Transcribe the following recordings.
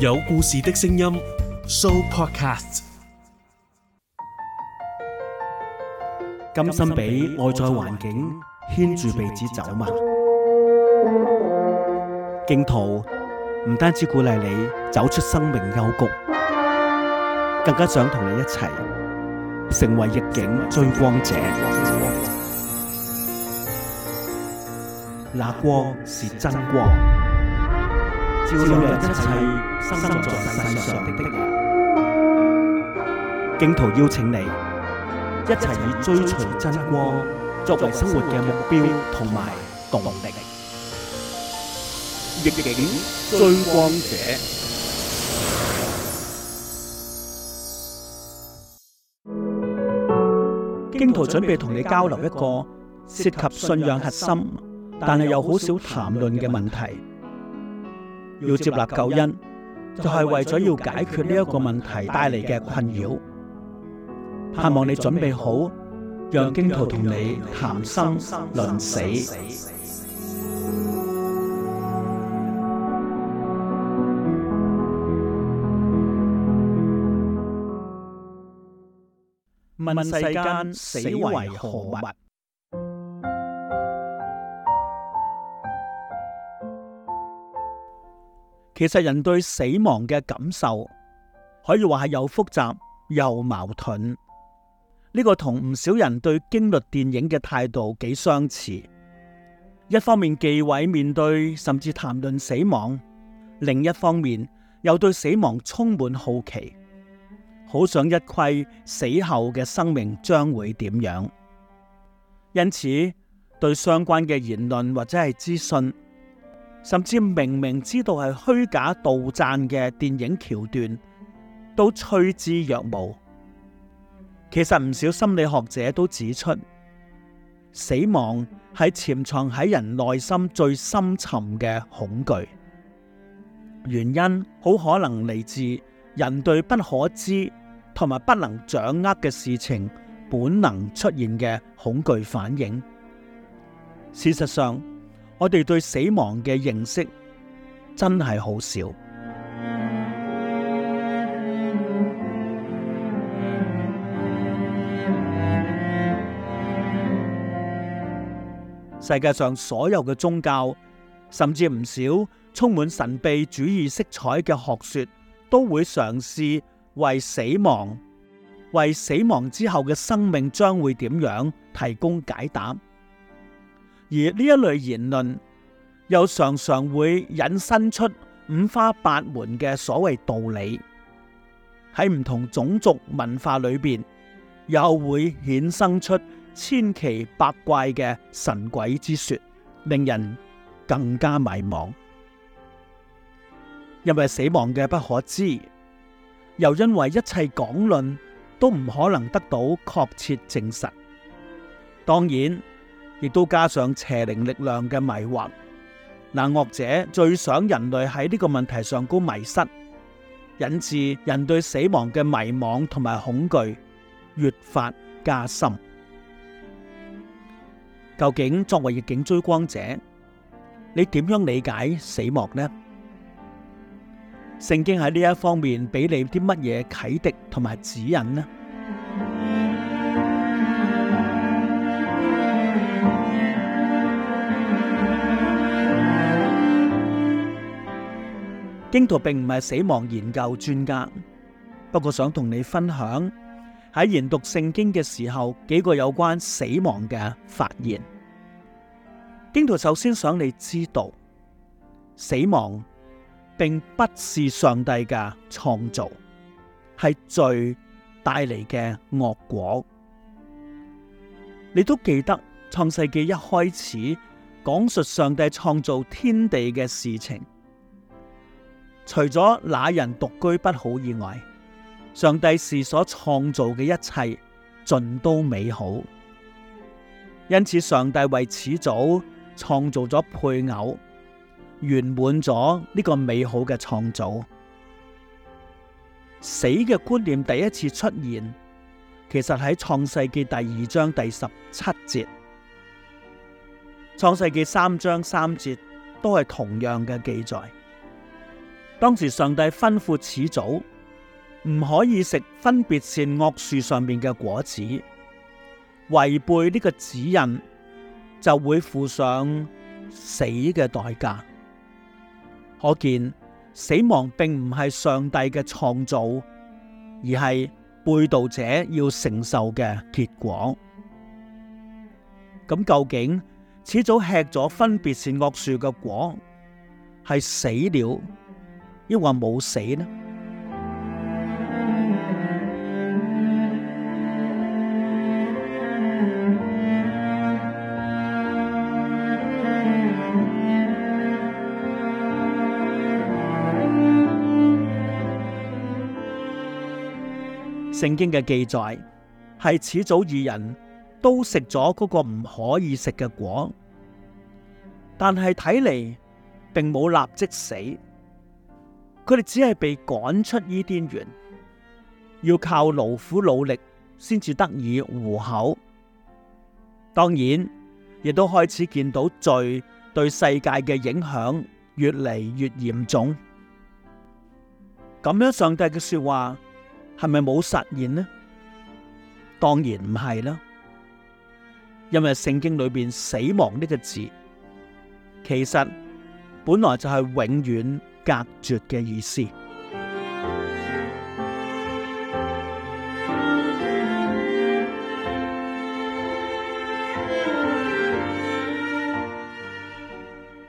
有故事的聲音，Sooopodcast。甘心俾外在環境牽住鼻子走嗎？荊徒唔單止鼓勵你走出生命幽谷，更加想同你一齊成為逆境追光者。那光是真光。照亮一切生在世上的的人，荊徒邀請你一齊以追隨真光作為生活嘅目標同埋動力。逆境追光者，荊徒準備同你交流一個涉及信仰核心，但係又好少談論嘅問題。要接納救恩，就係為咗要解決呢一個問題帶嚟嘅困擾。盼望你準備好，讓荊徒同你談生論死。問世間，死為何物？其實人對死亡嘅感受可以話係又複雜又矛盾，呢個同唔少人對驚慄電影嘅態度幾相似。一方面忌諱面對甚至談論死亡，另一方面又對死亡充滿好奇，好想一窺死後嘅生命將會點樣。因此，對相關嘅言論或者係資訊。甚至明明知道係虛假杜撰嘅電影橋段，都趨之若鶩。其實唔少心理學者都指出，死亡係潛藏喺人內心最深沉嘅恐懼，原因好可能嚟自人對不可知同埋不能掌握嘅事情本能出現嘅恐懼反應。事實上。我哋對死亡嘅認識真係好少。世界上所有嘅宗教，甚至唔少充滿神秘主義色彩嘅學說，都會嘗試為死亡、為死亡之後嘅生命將會點樣提供解答。而呢一類言論又常常會引申出五花八門嘅所謂道理，喺唔同種族文化裏邊又會衍生出千奇百怪嘅神鬼之說，令人更加迷茫。因為死亡嘅不可知，又因為一切講論都唔可能得到確切證實，當然。亦都加上邪靈力量嘅迷惑，那惡者最想人類喺呢個問題上高迷失，引致人對死亡嘅迷茫同埋恐懼越發加深。究竟作為逆境追光者，你點樣理解死亡呢？聖經喺呢一方面俾你啲乜嘢啟迪同埋指引呢？荊徒並唔係死亡研究專家，不過想同你分享喺研讀聖經嘅時候幾個有關死亡嘅發現。荊徒首先想你知道，死亡並不是上帝嘅創造，係罪帶嚟嘅惡果。你都記得創世記一開始講述上帝創造天地嘅事情。除咗那人獨居不好以外，上帝是所創造嘅一切盡都美好，因此上帝為始祖創造咗配偶，圓滿咗呢個美好嘅創造。死嘅觀念第一次出現，其實喺創世記第二章第十七節，創世記三章三節都係同樣嘅記載。當時上帝吩咐始祖唔可以食分別善惡樹上面嘅果子，違背呢個指引就會付上死嘅代價。可見死亡並唔係上帝嘅創造，而係背道者要承受嘅結果。咁究竟始祖吃咗分別善惡樹嘅果係死了？抑或冇死呢？聖經嘅記載係始祖二人，都食咗嗰個唔可以食嘅果，但係睇嚟並冇立即死。佢哋只係被趕出伊甸園，要靠勞苦努力先至得以糊口。當然，亦都開始見到罪對世界嘅影響越嚟越嚴重。咁樣，上帝嘅說話係咪冇實現呢？當然唔係啦，因為聖經裏邊死亡呢個字，其實本來就係永遠。隔絕嘅意思。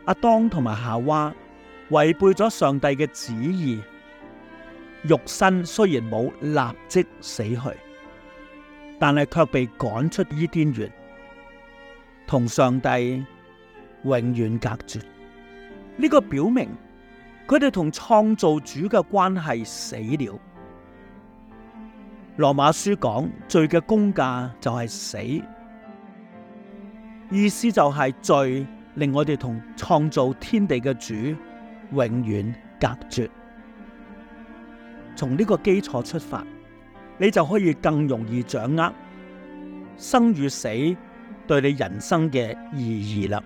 阿當同埋夏娃違背咗上帝嘅旨意，肉身雖然冇立即死去，但係卻被趕出伊甸園，同上帝永遠隔絕。呢個表明。佢哋同創造主嘅關係死了。羅馬書講，罪嘅工價就係死，意思就係罪令我哋同創造天地嘅主永遠隔絕。從呢個基礎出發，你就可以更容易掌握生與死對你人生嘅意義啦。